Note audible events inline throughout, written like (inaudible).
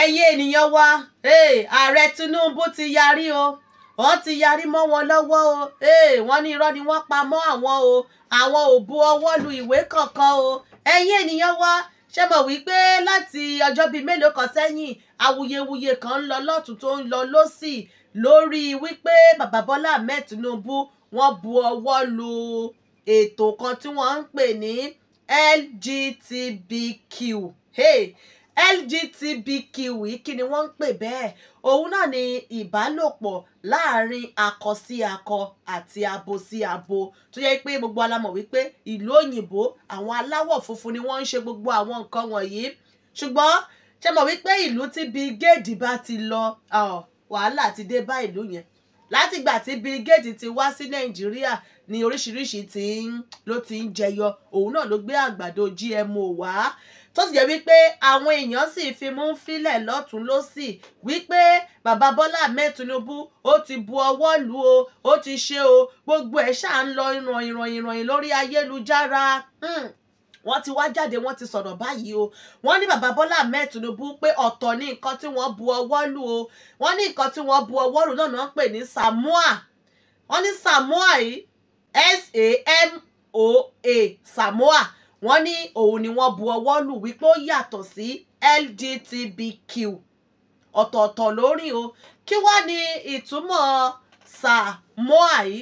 ẹ̀yin ènìyàn wa ààrẹ Tinubu ti yarí o wọ́n ti yarí mọ́ wọn lọ́wọ́ o wọ́n ní irọ́ ni wọ́n pa mọ́ àwọn o àwọn ò bu ọwọ́ lu ìwé kankan o ẹ̀yin ènìyàn wa ṣe mọ̀ wípé láti ọjọ́ bíi mélòó kan sẹ́yìn awuyewuye kan ń lọ lọ́tún tó ń lọ lọ́sì lórí wípé bàbá Bọ́lá Ahmed Tinubu wọ́n bu ọwọ́ lu ètò kan tí wọ́n ń pè ní LGTBQ. Hey, lgtbq kí ni wọ́n ń pè bẹ́ẹ̀ òun náà ni ìbálòpọ̀ láàrin akọ sí akọ àti abo sí abo tó yẹ pé gbogbo alamọ̀ wípé ìlú òyìnbó àwọn aláwọ̀ funfun ni wọ́n ń ṣe gbogbo àwọn nǹkan wọ̀nyí ṣùgbọ́n ṣe mọ̀ wípé ìlú tí bí géèdì bá ti lọ wàhálà ti dé bá ìlú yẹn látìgbà tí Bill Gates ti wá sí Nàìjíríà ní oríṣiríṣi tí ló ti ń jẹyọ òun náà ló gbé àgbàdo GMO wá tó sì jẹ́ wípé àwọn èèyàn sì fi mú fílẹ̀ lọ́tún lọ́sì wípé bàbá Bọ́lá Ahmed Tinubu ó ti bu ọwọ́ lù o ó ti ṣe o gbogbo ẹ̀ ṣáà ń lọ ìrànyìnrànyìnrànyìn lórí ayélujára. Hmm wọ́n ti wá jáde wọ́n ti sọ̀rọ̀ báyìí o wọ́n ní bàbá Bọ́lá Ahmed Tinubu pé ọ̀tọ̀ ní nǹkan tí wọ́n bu ọwọ́ lù o wọ́n ní nǹkan tí wọ́n bu ọwọ́ lù náà ń pè ní Samoa wọ́n ní Samoa yìí S-A-M-O-A Samoa wọ́n ní òun ni wọ́n bu ọwọ́ lù wípé ó yàtọ̀ sí LGTBQ ọ̀tọ̀ọ̀tọ̀ lórí o kí wá ní ìtumọ̀ Samoa yìí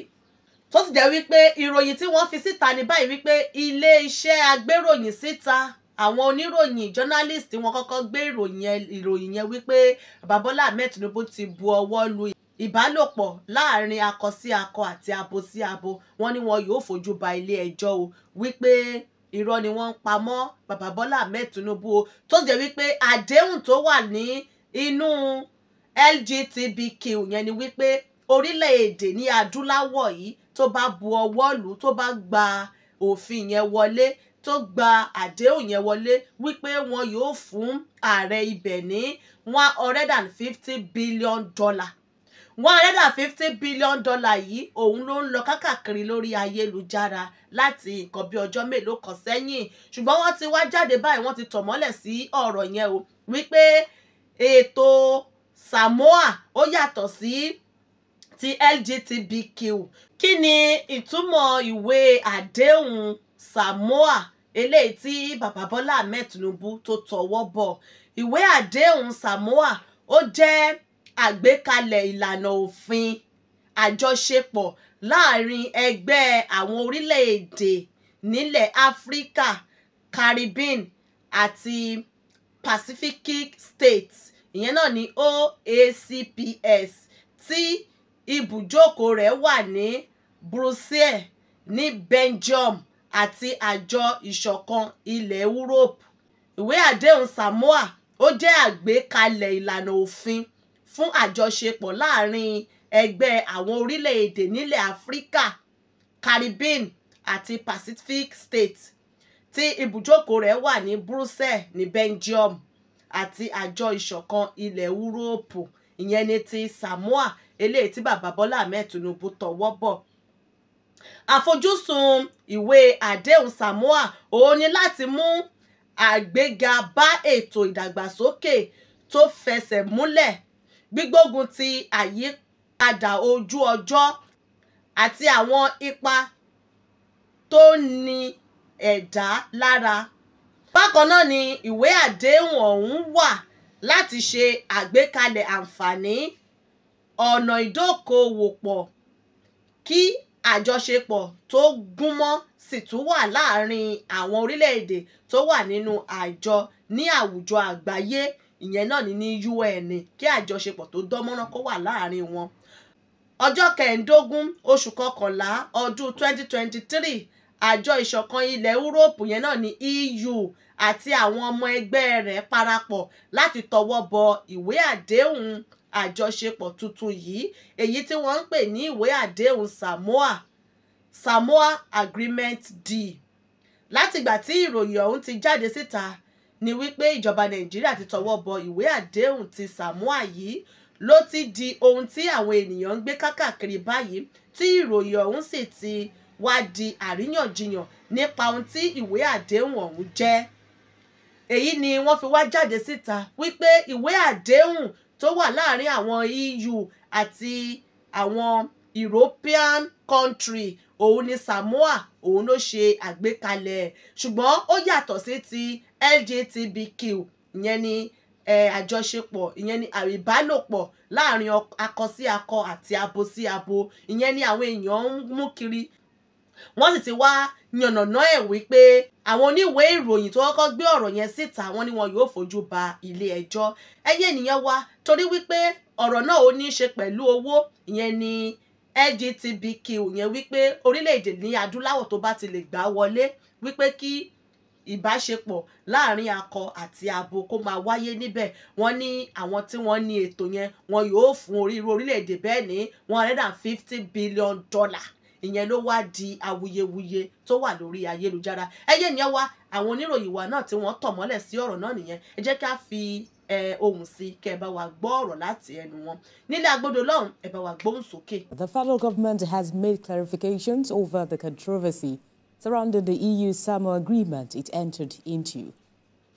tó sì jẹ́ wípé ìròyìn tí wọ́n fi síta ní báyìí wípé ilé iṣẹ́ agbéròyìn síta àwọn oníròyìn journalist wọn kọ́kọ́ gbé ìròyìn yẹn wípé bàbá Bọ́lá Ahmed Tinubu ti bu ọwọ́ lu ìbálòpọ̀ láàrin akọ sí akọ àti abo sí abo wọ́n ní wọn yóò fojú ba ilé ẹjọ́ o wípé irọ́ ni wọ́n ń pa mọ́ bàbá Bọ́lá Ahmed Tinubu o tó jẹ́ wípé àdéhùn tó wà ní inú LGTBQ yẹn ni wípé orílẹ̀-èdè ní adúláwọ̀ yìí tó bá bu ọwọ́ lù tó bá gba òfin yẹn wọlé tó gba àdéhùn yẹn wọlé wípé wọn yóò fún ààrẹ ibẹ̀ ní one hundred and fifty billion dollar one hundred and fifty billion dollar yìí òun ló ń lọ kákàkiri lórí ayélujára láti nǹkan bí ọjọ́ mélòó kan sẹ́yìn ṣùgbọ́n wọ́n ti wá jáde báyìí wọ́n ti tọ̀ mọ́lẹ̀ sí ọ̀rọ̀ yẹn o wípé ètò Samoa ó yàtọ̀ sí ti LGTBQ kí ni ìtumọ̀ ìwé àdéhùn Samoa eléyìí tí bàbá Bọ́lá Ahmed Tinubu tó tọwọ́ bọ̀ ìwé àdéhùn Samoa ó jẹ́ àgbékalẹ̀ ìlànà òfin àjọṣepọ̀ láàrin ẹgbẹ́ àwọn orílẹ̀-èdè nílẹ̀ Áfíríkà Caribbean àti Pacific States ìyẹn náà ni OACPS tí ibùjókòó rẹ̀ wà ní Brussels ní Belgium àti àjọ ìṣọ̀kan ilẹ̀ Europe ìwé àdéhùn Samoa ó jẹ́ àgbékalẹ̀ ìlànà òfin fún àjọṣepọ̀ láàrin ẹgbẹ́ àwọn orílẹ̀-èdè nílẹ̀ Áfíríkà Caribbean àti Pacific States tí ibùjókòó rẹ̀ wà ní Brussels ní Belgium àti àjọ ìṣọ̀kan ilẹ̀ Europe ìyẹn ní ti Samoa eléyìí tí bàbá Bọ́lá Ahmed Tinubu tọwọ́ bọ̀ àfojúsùn ìwé àdéhùn Samoa òun ni láti mú àgbéga bá ètò ìdàgbàsókè tó fẹsẹ̀ múlẹ̀ gbígbógun ti àyípadà ojú ọjọ́ àti àwọn ipa tó ní ẹ̀dá lára. bákan náà ni ìwé àdéhùn ọ̀hún wà láti ṣe àgbékalẹ̀ àǹfààní ọ̀nà ìdókoòwòpọ̀ kí àjọṣepọ̀ tó gúnmọ́ sì tún wà láàárín àwọn orílẹ̀-èdè tó wà nínú àjọ ní àwùjọ àgbáyé ìyẹn náà ní ní UN kí àjọṣepọ̀ tó dánmọ́rán kó wà láàárín wọn. ọjọ́ kẹẹ̀ẹ́dógún oṣù kọkànlá ọdún 2023 àjọ ìṣọ̀kan ilẹ̀ Úróòpù yẹn náà ní EU àti àwọn ọmọ ẹgbẹ́ rẹ̀ parapọ̀ láti tọwọ́ bọ ìwé àdéhùn àjọṣepọ̀ tuntun yìí èyí tí wọ́n ń pè ní ìwé àdéhùn Samoa Samoa Agreement Deal látìgbà tí ìròyìn ọ̀hún ti jáde síta ni wípé ìjọba Nàìjíríà ti tọwọ́ bọ ìwé àdéhùn ti Samoa yìí ló ti di ohun tí àwọn ènìyàn ń gbé kákàkiri báyìí tí ìròyìn ọ̀hún sì ti wá di àríyànjiyàn nípa ohun tí ìwé àdéhùn ọ̀hún jẹ́ èyí ni wọ́n fi wá jáde síta wípé ìwé àdéhùn tó wà láàrin àwọn EU àti àwọn European country òun ni Samoa òun ló ṣe àgbékalẹ̀ ṣùgbọ́n ó yàtọ̀ sí ti LGTBQ ìyẹn ni àjọṣepọ̀ ìyẹn ni àríbálòpọ̀ láàrin akọ sí akọ àti abo sí abo ìyẹn ni àwọn èèyàn ń mú kiri wọ́n sì ti wá yànnàná ẹ̀ wípé àwọn oníwèé ìròyìn tó kọ́kọ́ gbé ọ̀rọ̀ yẹn síta wọ́n ní wọn yóò fojú ba ilé ẹjọ́ ẹyẹ ènìyàn wa torí wípé ọ̀rọ̀ náà ó ní í ṣe pẹ̀lú owó ìyẹn ni LGTBQ yẹn wípé orílẹ̀-èdè ní adúláwọ̀ tó bá ti lè gbà wọlé wípé kí ìbáṣepọ̀ láàrin akọ àti abo kó máa wáyé níbẹ̀ wọ́n ní àwọn tí wọ́n ní ètò yẹn wọn yóò fún orí orílẹ̀-èdè bẹ́ẹ̀ ní one hundred and fifty billion dollar ìyẹn ló wá di awuyewuye tó wà lórí ayélujára ẹyẹ ìyẹn wa àwọn oníròyìn wa náà tí wọ́n tọ̀ mọ́lẹ̀ sí ọ̀rọ̀ náà nìyẹn ẹ jẹ́ ká fi ẹ ohùn sí kẹ ẹ bá wa gbọ́ ọ̀rọ̀ láti ẹnu wọn nílẹ̀ agbódò lọ́hùn ẹ bá wa gbóhùn sókè. The federal government has made clarifications over the controversy surrounding the eu samo agreement it entered into.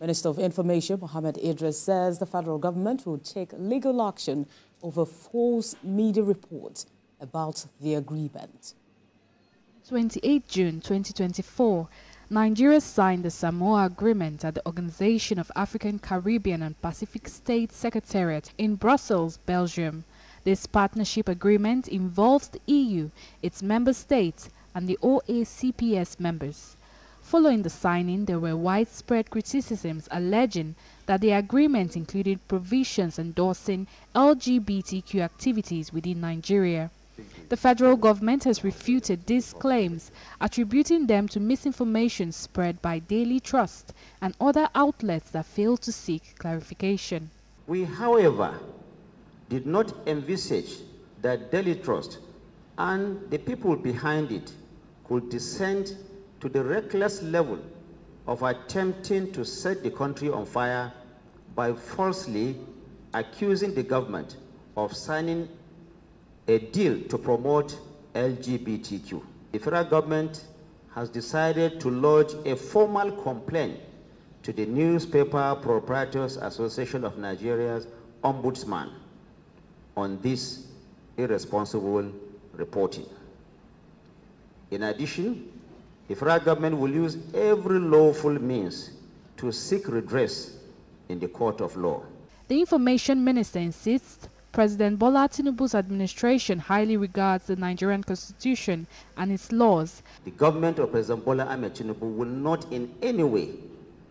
Minister of Information Mohammed Idris says the federal government will take legal action over false media reports about the agreement. 28 June 2024, Nigeria signed the Samoa Agreement at the Organization of African, Caribbean and Pacific States Secretariat in Brussels, Belgium. This partnership agreement involves the EU, its member states, and the OACPS members. Following the signing, there were widespread criticisms alleging that the agreement included provisions endorsing LGBTQ activities within Nigeria. The federal government has refuted these claims, attributing them to misinformation spread by Daily Trust and other outlets that failed to seek clarification. We, however, did not envisage that Daily Trust and the people behind it could descend to the reckless level of attempting to set the country on fire by falsely accusing the government of signing a deal to promote LGBTQ. The federal government has decided to lodge a formal complaint to the Newspaper Proprietors Association of Nigeria's Ombudsman on this irresponsible reporting. In addition, the federal government will use every lawful means to seek redress in the court of law. The information minister insists President Bola Tinubu's administration highly regards the Nigerian constitution and its laws. The government of President Bola Ahmed Tinubu will not in any way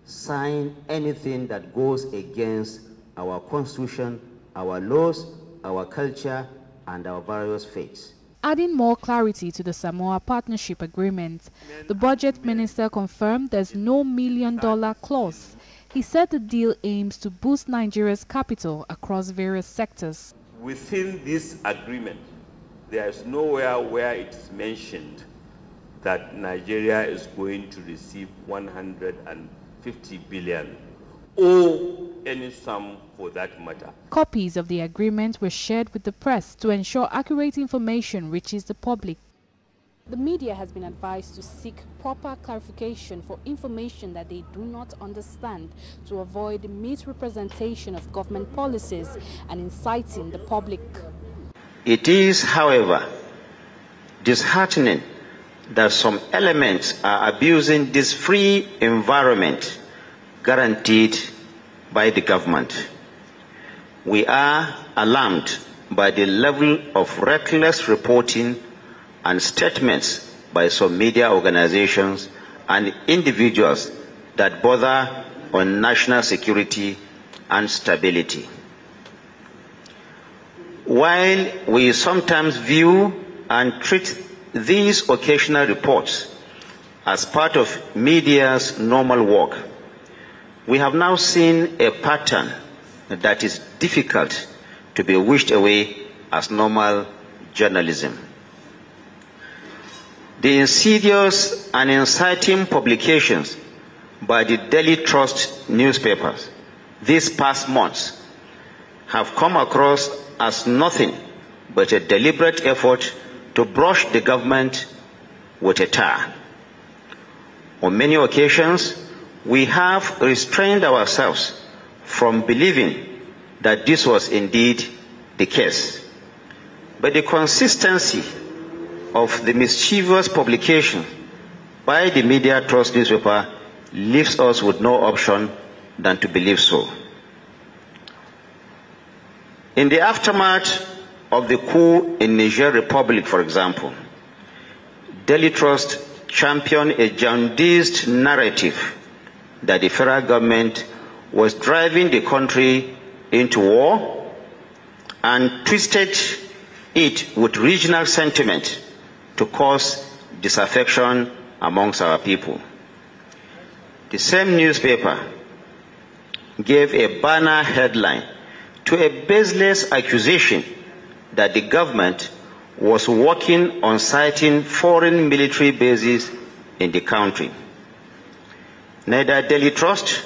sign anything that goes against our constitution, our laws, our culture, and our various faiths. Adding more clarity to the Samoa Partnership Agreement, the Budget Minister confirmed there's no million dollar clause he said the deal aims to boost Nigeria's capital across various sectors. Within this agreement, there is nowhere where it is mentioned that Nigeria is going to receive 150 billion or any sum for that matter. Copies of the agreement were shared with the press to ensure accurate information reaches the public. The media has been advised to seek proper clarification for information that they do not understand to avoid misrepresentation of government policies and inciting the public. It is, however, disheartening that some elements are abusing this free environment guaranteed by the government. We are alarmed by the level of reckless reporting and statements by some media organizations and individuals that bother on national security and stability. While we sometimes view and treat these occasional reports as part of media's normal work, we have now seen a pattern that is difficult to be wished away as normal journalism. The insidious and inciting publications by the Daily Trust newspapers these past months have come across as nothing but a deliberate effort to brush the government with a tar. On many occasions, we have restrained ourselves from believing that this was indeed the case. But the consistency of the mischievous publication by the media trust newspaper leaves us with no option than to believe so. In the aftermath of the coup in Niger Republic, for example, Delhi Trust championed a jaundiced narrative that the federal government was driving the country into war and twisted it with regional sentiment to cause disaffection amongst our people. The same newspaper gave a banner headline to a baseless accusation that the government was working on citing foreign military bases in the country. Neither Delhi Trust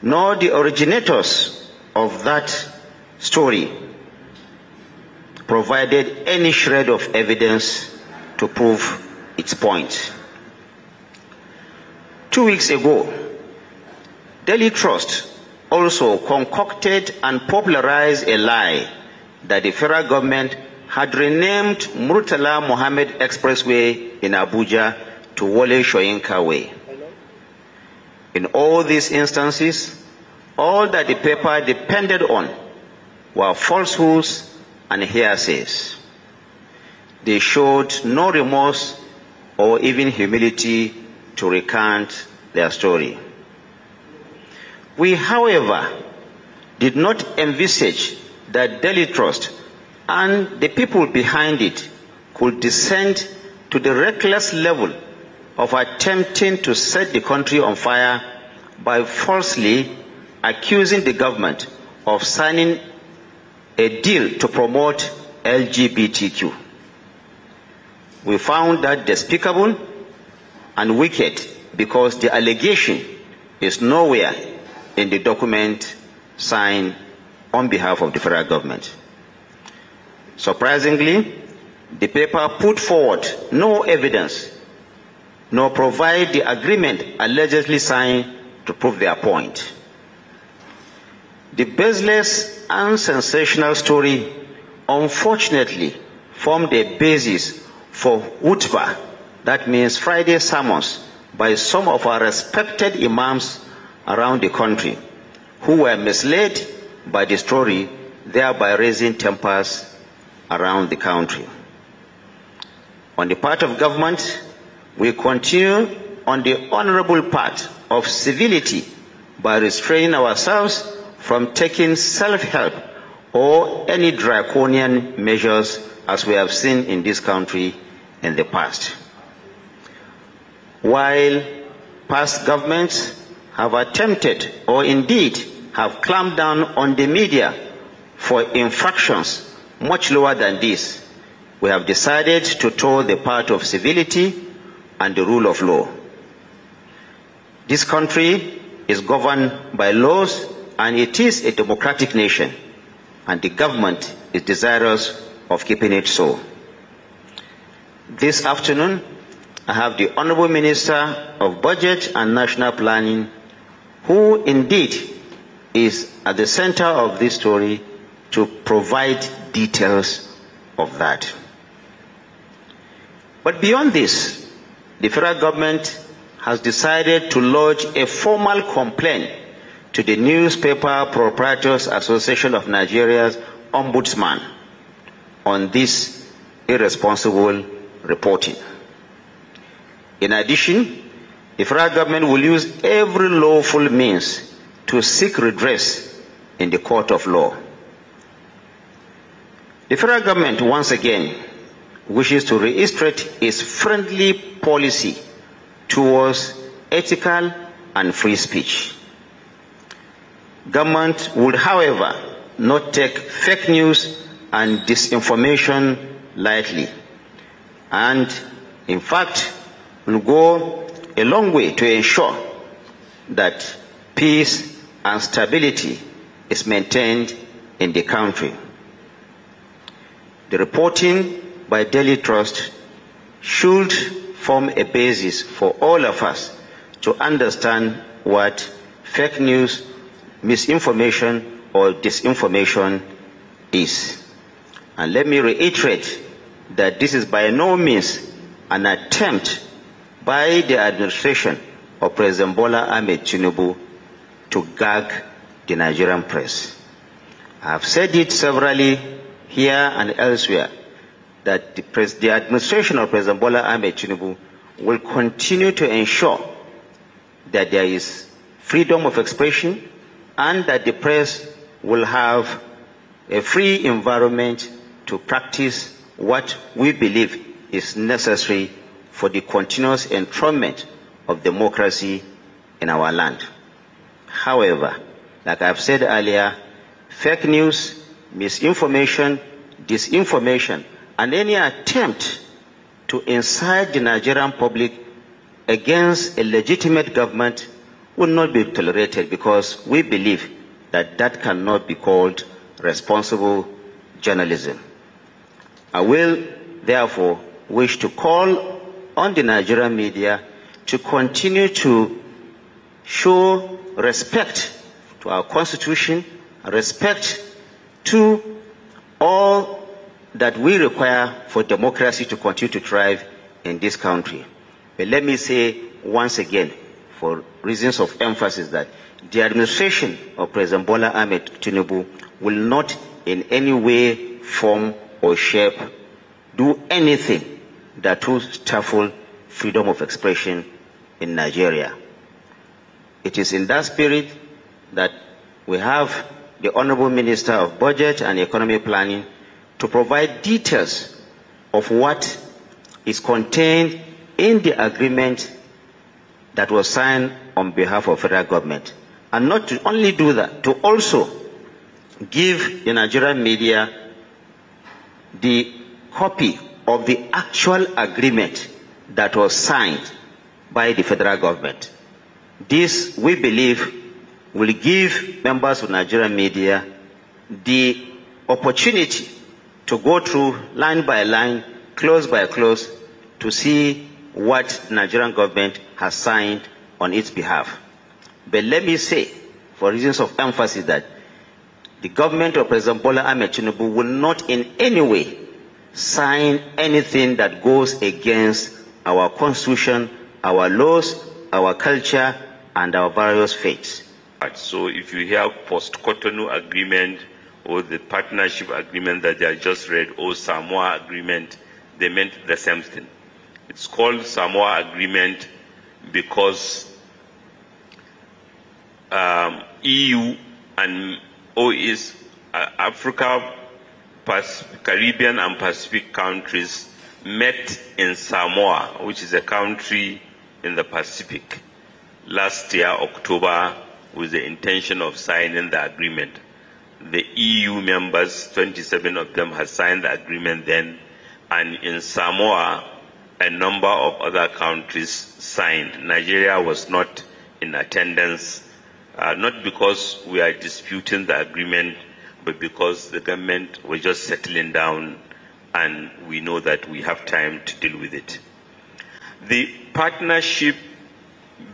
nor the originators of that story provided any shred of evidence to prove its point. Two weeks ago, Delhi Trust also concocted and popularized a lie that the federal government had renamed Murtala Mohammed Expressway in Abuja to Wale Shoyinka Way. In all these instances, all that the paper depended on were falsehoods and hearsays they showed no remorse or even humility to recant their story. We, however, did not envisage that Delhi Trust and the people behind it could descend to the reckless level of attempting to set the country on fire by falsely accusing the government of signing a deal to promote LGBTQ we found that despicable and wicked because the allegation is nowhere in the document signed on behalf of the federal government. Surprisingly, the paper put forward no evidence nor provide the agreement allegedly signed to prove their point. The baseless and sensational story unfortunately formed a basis for Utbah, that means Friday sermons, by some of our respected imams around the country who were misled by the story, thereby raising tempers around the country. On the part of government, we continue on the honorable part of civility by restraining ourselves from taking self-help or any draconian measures as we have seen in this country in the past. While past governments have attempted or indeed have clamped down on the media for infractions much lower than this, we have decided to toe the path of civility and the rule of law. This country is governed by laws and it is a democratic nation and the government is desirous of keeping it so. This afternoon, I have the Honorable Minister of Budget and National Planning, who indeed is at the center of this story to provide details of that. But beyond this, the federal government has decided to lodge a formal complaint to the Newspaper Proprietors Association of Nigeria's Ombudsman on this irresponsible reporting. In addition, the federal government will use every lawful means to seek redress in the court of law. The federal government once again wishes to reiterate its friendly policy towards ethical and free speech. Government would, however, not take fake news and disinformation lightly. And in fact, will go a long way to ensure that peace and stability is maintained in the country. The reporting by Daily Trust should form a basis for all of us to understand what fake news, misinformation, or disinformation is. And let me reiterate that this is by no means an attempt by the administration of President Bola Ahmed Tinubu to gag the Nigerian press. I have said it severally here and elsewhere that the, the administration of President Bola Ahmed Tinubu will continue to ensure that there is freedom of expression and that the press will have a free environment to practice what we believe is necessary for the continuous enthronement of democracy in our land. However, like I've said earlier, fake news, misinformation, disinformation, and any attempt to incite the Nigerian public against a legitimate government will not be tolerated because we believe that that cannot be called responsible journalism. I will therefore wish to call on the Nigerian media to continue to show respect to our constitution, respect to all that we require for democracy to continue to thrive in this country. But let me say once again, for reasons of emphasis, that the administration of President Bola Ahmed Tinubu will not in any way form or shape, do anything that would stifle freedom of expression in Nigeria. It is in that spirit that we have the Honorable Minister of Budget and Economic Planning to provide details of what is contained in the agreement that was signed on behalf of federal government. And not to only do that, to also give the Nigerian media the copy of the actual agreement that was signed by the federal government. This, we believe, will give members of Nigerian media the opportunity to go through line by line, close by close, to see what Nigerian government has signed on its behalf. But let me say, for reasons of emphasis, that the government of President Bola Ahmed Tinubu will not in any way sign anything that goes against our constitution, our laws, our culture, and our various faiths. So if you hear post-Cotonou agreement or the partnership agreement that I just read or Samoa agreement, they meant the same thing. It's called Samoa agreement because um, EU and or is uh, Africa, Caribbean and Pacific countries met in Samoa, which is a country in the Pacific, last year, October, with the intention of signing the agreement. The EU members, 27 of them, had signed the agreement then, and in Samoa, a number of other countries signed. Nigeria was not in attendance uh, not because we are disputing the agreement, but because the government was just settling down and we know that we have time to deal with it. The partnership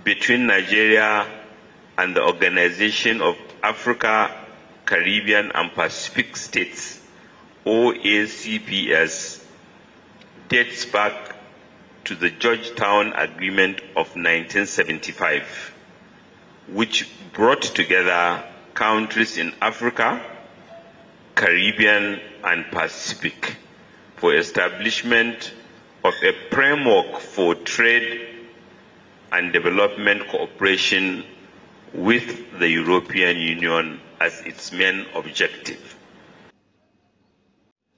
between Nigeria and the Organization of Africa, Caribbean and Pacific States, OACPS, dates back to the Georgetown Agreement of 1975 which brought together countries in Africa, Caribbean, and Pacific for establishment of a framework for trade and development cooperation with the European Union as its main objective.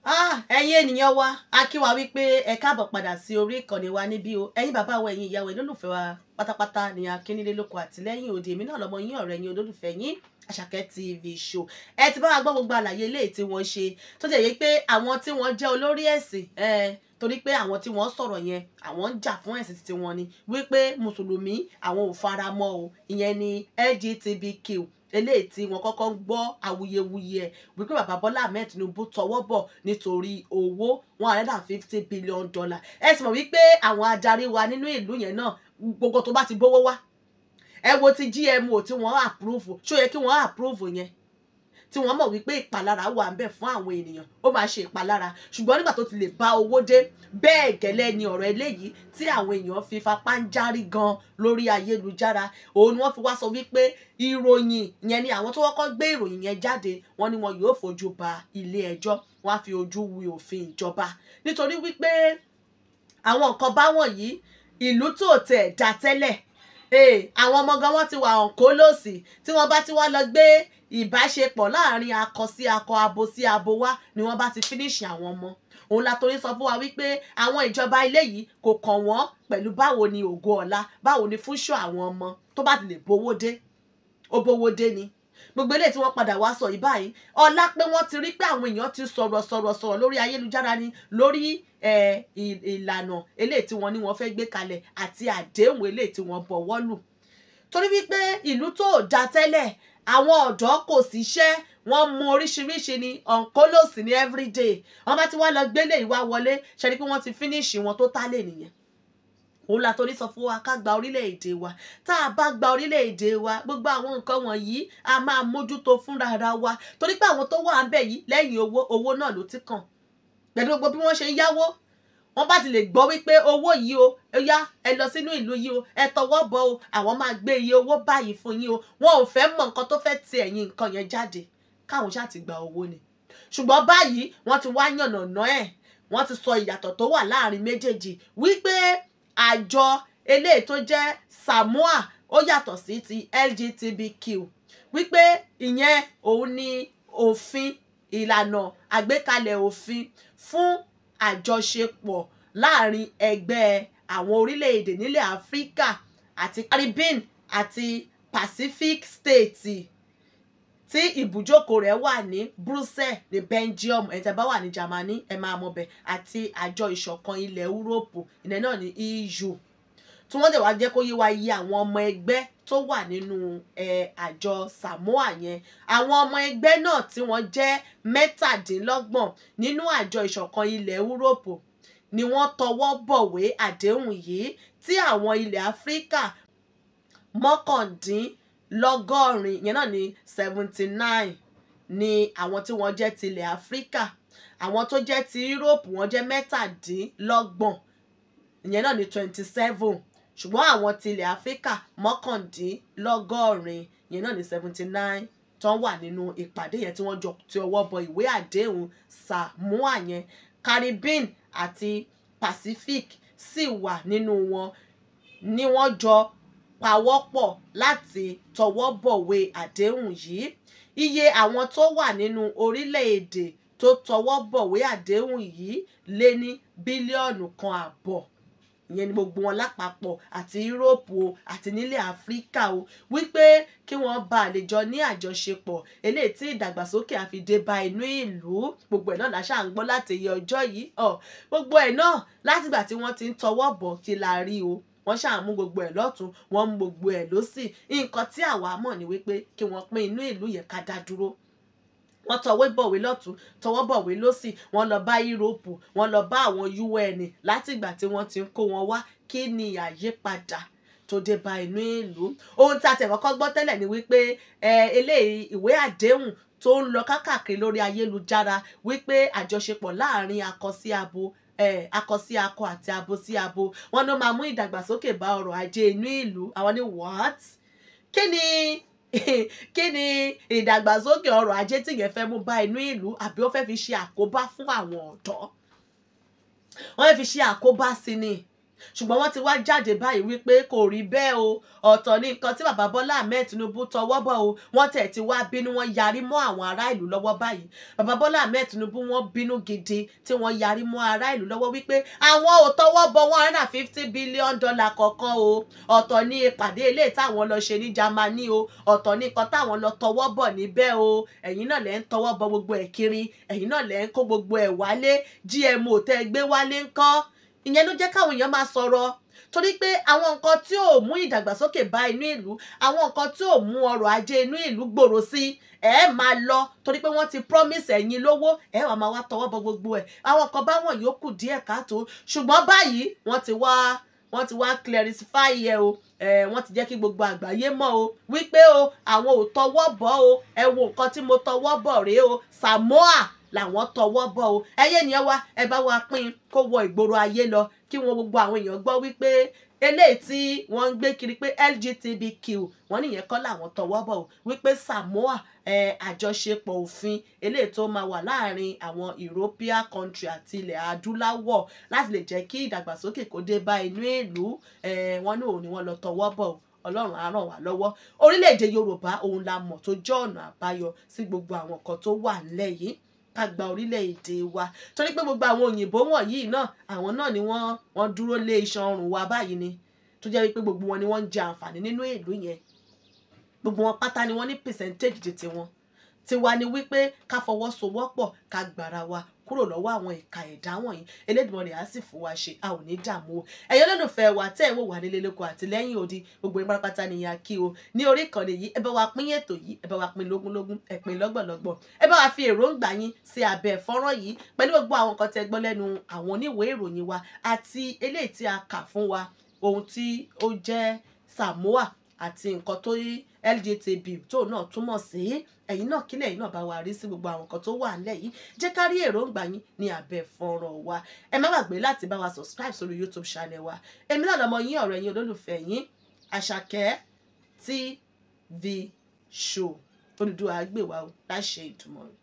Ah, ẹ̀yin ènìyàn wa a kí wa wípé ẹ káàbọ̀ padà sí orí ìkànnì wa níbí o ẹ̀yin bàbá wa ẹ̀yin ìyá wa olólùfẹ́ wa pátápátá ni akínílé lóko àtìlẹ́yìn òde èmi náà lọ́mọ yín ọ̀rẹ́ yín olólùfẹ́ yín àṣàkẹ́ tv show ẹ ti bá wa gbọ́ gbogbo àlàyé eléyìí tí wọ́n ṣe tó jẹ́ yé pé àwọn tí wọ́n jẹ́ olórí ẹ̀sìn torí pé àwọn tí wọ́n sọ̀rọ̀ yẹn àwọn ń jà fún ẹ̀sìn tiwọn ni wípé mùsùlùmí àwọn ò faramọ́ o ìyẹn ni lgbtbq eléyìí tí wọ́n kọ́kọ́ ń gbọ́ awuyewuye wípé bàbá Bọ́lá Ahmed Tinubu tọwọ́ bọ̀ nítorí owó one hundred and fifty billion dollar ẹ sì mọ̀ wípé àwọn adarí wa nínú ìlú yẹn náà gbogbo tó bá ti gbówó wá ẹ wo ti GMO tí wọ́n àpúrúfù ṣó yẹ kí wọ́n àpúrúfù yẹn tí wọ́n mọ̀ wípé ìpalára wà ń bẹ fún àwọn ènìyàn ó máa ṣe ìpalára ṣùgbọ́n nígbà tó ti lè bá owó dé bẹ́ẹ̀ gẹ́lẹ́ ni ọ̀rọ̀ eléyìí tí àwọn èèyàn fi fapá ń járí gan lórí ayélujára òun ni wọ́n fi wá sọ wípé ìròyìn yẹn ni àwọn tó kọ́kọ́ gbé ìròyìn yẹn jáde wọ́n ní wọn yóò fojú ba ilé ẹjọ́ wọ́n á fi ojú wi òfin ìjọba nítorí wípé àwọn nǹkan báwọn yìí ìlú tó tẹ̀ dá tẹ́lẹ̀ àwọn ọmọ gan wọn ti wà ọ̀nkó lòsì tí wọ́n bá ti wá lọ gbé ìbáṣepọ̀ láàrin akọ sí akọ abo sí abo wá ni wọ́n bá ti fínísì àwọn ọmọ òun la torí sọ fún wa wípé àwọn ìjọba ilé yìí kò kàn wọ́n pẹ̀lú báwo ni ògo ọ̀la báwo ni fúnṣọ àwọn ọmọ tó bá ti lè bówó dé ó bówó dé ni gbogbo eléyìí tí wọ́n padà wá sọ yìí báyìí ọlá pé wọ́n ti rí pé àwọn èèyàn ti sọ̀rọ̀ sọ̀rọ̀ sọ̀rọ̀ lórí ayélujára ni lórí ìlànà eléyìí tí wọ́n ní wọ́n fẹ́ gbé kalẹ̀ àti àdéhùn eléyìí tí wọ́n bọ̀wọ́ lù torí wípé ìlú tó da tẹ́lẹ̀ àwọn ọ̀dọ́ kò síṣẹ́ wọ́n mú oríṣiríṣi ni ọ̀nkólòsì ní everyday wọ́n bá ti wá lọ gbélé ìwá wọlé ṣe ni pé wọ́n ti fíníṣì wọn tó tálẹ̀ nìyẹn òun la torí sọ fún wa ká gba orílẹ̀-èdè wa tá a bá gba orílẹ̀-èdè wa gbogbo àwọn nǹkan wọ̀nyí a máa mójútó fúnra wa torí pé àwọn tó wà ń bẹ̀ yìí lẹ́yìn owó owó náà ló ti kàn pẹ̀lú gbogbo bí wọ́n ṣe ń yáwó wọ́n bá ti lè gbọ́ wípé owó yìí o ẹyá ẹ lọ sínú ìlú yìí o ẹ tọwọ́ bọ̀ o àwọn máa gbé iye owó báyìí fún yín o wọn ò fẹ́ mọ nǹkan tó fẹ́ ti ẹ̀yìn nǹkan yẹn jáde káwọn ṣáà ti gba owó ni ṣùgbọ́n báyìí wọ́n ti wá yànnàná ẹ̀ wọ́n ti sọ ìyàtọ̀ tó wà láàrin méjèèjì wípé àjọ eléyìí tó jẹ́ samoa ó yàtọ̀ sí ti lgtbq wípé ìyẹn òun ni òfin ìlànà àgbékalẹ̀ òfin fún àjọṣepọ̀ láàrin ẹgbẹ́ àwọn orílẹ̀-èdè nílẹ̀ áfíríkà àti caribbean àti pacific state tí ibùjókòó rẹ̀ wà ní Brussels ní Belgium ẹ̀tẹ̀ bá wà ní Germany ẹ̀ máa mọ̀ bẹ̀ àti àjọ ìṣọ̀kan ilẹ̀ Úróòpù ìyẹn náà ní EU tí wọ́n dẹ̀ wá jẹ́ kó yé wa iye àwọn ọmọ ẹgbẹ́ tó wà nínú àjọ Samoa yẹn àwọn ọmọ ẹgbẹ́ náà tí wọ́n jẹ́ mẹ́tàdínlọ́gbọ̀n nínú àjọ ìṣọ̀kan ilẹ̀ Úróòpù ni wọ́n tọwọ́ bọ̀wé àdéhùn yìí tí àwọn ilẹ̀ Áfíríkà mọ́kàndín lọ́gọ́rin ìyẹn náà ni seventy nine ni àwọn tí wọ́n jẹ́ tilẹ̀ áfíríkà àwọn tó jẹ́ ti europe wọ́n jẹ́ mẹ́tàdínlọ́gbọ̀n ìyẹn náà ni twenty seven ṣùgbọ́n àwọn tilẹ̀ áfíríkà mọ́kàndínlọ́gọ́rin ìyẹn náà ni seventy nine tán wà nínú ìpàdé yẹn tí wọ́n jọ ti ọwọ́ bọ ìwé àdéhùn samoa yẹn caribbean àti pacific sì wà nínú wọn ni wọ́n jọ pawọ́pọ̀ láti tọwọ́ bọ̀wé àdéhùn yìí iye àwọn tó wà nínú orílẹ̀-èdè tó tọwọ́ bọ̀wé àdéhùn yìí lé ní bílíọ̀nù kan àbọ̀ ìyẹn ni gbogbo wọn lápapọ̀ àti yúróòpù o àti nílẹ̀ áfíríkà o wípé kí wọ́n bá lè jọ ní àjọṣepọ̀ eléyìí tí ìdàgbàsókè àfidé bá inú ìlú gbogbo ẹ̀ náà làṣà ń gbọ́ láti iye ọjọ́ yìí gbogbo ẹ̀ náà látìgbà tí wọ́n ti ń tọwọ́ bọ̀ kí la rí o wọ́n ṣáà mú gbogbo ẹ̀ lọ́tún wọ́n mú gbogbo ẹ̀ lọ́sì nǹkan tí àwa mọ̀ ni wípé kí wọ́n pín inú ìlú yẹn ká dá dúró wọ́n tọwọ́ bọ̀wé lọ́tún tọwọ́ bọ̀wé lọ́sì wọ́n lọ bá yúróòpù wọ́n lọ bá àwọn un látìgbà tí wọ́n ti ń kó wọn wá kí ni àyípadà tó dé bá inú ìlú ohun tí a tẹ̀ kọ́kọ́ gbọ́ tẹ́lẹ̀ ni wípé eléyìí ìwé àdéhùn tó ń lọ kákàkiri lórí ayélujára wípé àjọṣepọ̀ láàrin akọ sí abo akọ sí akọ àti abo sí abo wọn ló máa mú ìdàgbàsókè bá ọrọ̀ ajé inú ìlú àwọn ni what kí ni (laughs) kí ni ìdàgbàsókè ọrọ̀ ajé tìyẹn fẹ́ mú bá inú ìlú àbí ó fẹ́ fi ṣe àkóbá fún àwọn ọ̀dọ́ wọ́n fẹ́ fi ṣe àkóbá sí ni ṣùgbọ́n wọ́n ti wá jáde báyìí wípé kò rí bẹ́ẹ̀ o ọ̀tọ̀ ní nǹkan tí bàbá Bọ́lá Ahmed Tinubu tọwọ́ bọ̀ o wọ́n tẹ̀ ti wá bínú wọ́n yarí mọ́ àwọn ará ìlú lọ́wọ́ báyìí bàbá Bọ́lá Ahmed Tinubu wọ́n bínú gidi tí wọ́n yarí mọ́ ará ìlú lọ́wọ́ wípé àwọn ò tọwọ́ bọ̀ one hundred and fifty billion dollar kọ̀ọ̀kan o ọ̀tọ̀ ní ìpàdé ilé táwọn lọ ṣe ní Jámánì o ọ̀tọ̀ ní nǹkan táwọn lọ tọwọ́ bọ̀ níbẹ̀ o ẹ̀yin náà lẹ́ ń tọwọ́ bọ̀ gbogbo ẹ̀ kiri ẹ̀yin náà lẹ́ ń kó gbogbo ẹ̀ wálé GMO tẹ́ gbé wálé ńkọ́ ìyẹn ló jẹ́ káwọn èèyàn máa sọ̀rọ̀ torí pé àwọn nǹkan tí ò mú ìdàgbàsókè bá inú ìlú àwọn nǹkan tí ò mú ọrọ̀ ajé inú ìlú gbòòrò sí ẹ máa lọ torí pé wọ́n ti promise ẹ̀yin lówó ẹ wàá máa wá tọwọ́ bọ gbogbo ẹ̀ àwọn nǹkan báwọn yòókù díẹ̀ káàtó ṣùgbọ́n báyìí wọ́n ti wá wọ́n ti wá clarify ẹ o wọ́n ti jẹ́ kí gbogbo àgbáyé mọ̀ o wípé o àwọn ò tọwọ́ bọ̀ o ẹ wo nǹkan tí mo tọwọ́ bọ̀ rèé o Samoa làwọn tọwọ́ bọ̀ o ẹyẹ ènìyàn wa ẹ bá wa pín kó wọ ìgboro ayé lọ kí wọn gbogbo àwọn èèyàn gbọ́ wípé eléyìí tí wọ́n ń gbé kiri pé LGTBQ wọ́n nìyẹn kọ́ làwọn tọwọ́ bọ̀ o wípé Samoa àjọṣepọ̀ òfin eléyìí tó máa wà láàrin àwọn European country àti ilẹ̀ adúláwọ̀ láti lè jẹ́ kí ìdàgbàsókè kó dé bá inú ìlú wọn ní òun ni wọ́n lọ tọwọ́ bọ̀ o ọlọ́run á ràn wá lọ́wọ́ orílẹ̀-èdè Yorùbá òun la mọ̀ tó jẹ́ ọ̀nà àbáyọ sí gbogbo àwọn nǹkan tó wà nílẹ̀ ká gba orílẹ̀-èdè wa torí pé gbogbo àwọn òyìnbó wọ̀nyí náà àwọn náà ni wọ́n wọ́n dúró lé iṣan ọrùn wa báyìí ni tó jẹ́ wípé gbogbo wọn ni wọ́n ń jẹ àǹfààní nínú ìlú yẹn gbogbo wọn pátá ni wọ́n ní percentage ti tiwọn tiwa ni wípé ká fọwọ́sowọ́pọ̀ ká gbára wa kúrò lọ́wọ́ àwọn ìka ẹ̀dá wọ̀nyí Elédùmarè á sì fún wa ṣe a ò ní dààmú o ẹ̀yin olólùfẹ́ wa tẹ́ ẹ̀ wò wá nílé lóko àti lẹ́yìn odi gbogbo yín pátápátá ni ya kí o ní orí ìkànnì yìí ẹ bá wa pín ètò yìí ẹ bá wa pín lógúnlógún ẹ pín lọ́gbọ̀nlọ́gbọ̀n ẹ bá wa fi èròǹgbà yín sí abẹ́ fọ́nrán yìí pẹ̀lú gbogbo àwọn kan tẹ́ gbọ́ lẹ́nu àwọn oníwèé ìròyìn wa àti eléyìí tí a kà fún wa ohun tí ó jẹ́ LGTB tóun náà túmọ̀ ẹ̀yin náà kílẹ̀ ẹ̀yin náà bá wa rí sí gbogbo àwọn nǹkan tó wà nílẹ̀ yìí jẹ́ ká rí èròǹgbà yín ní abẹ́ fọ́nrán wa ẹ má gbàgbé láti bá wa subscribe sórí YouTube channel wa èmi náà lọmọ yín ọ̀rẹ́ yín olólùfẹ́ yín Àṣàkẹ́ TV show Olùduwà gbè wá o láṣẹ ìdùnmọ̀ rẹ̀.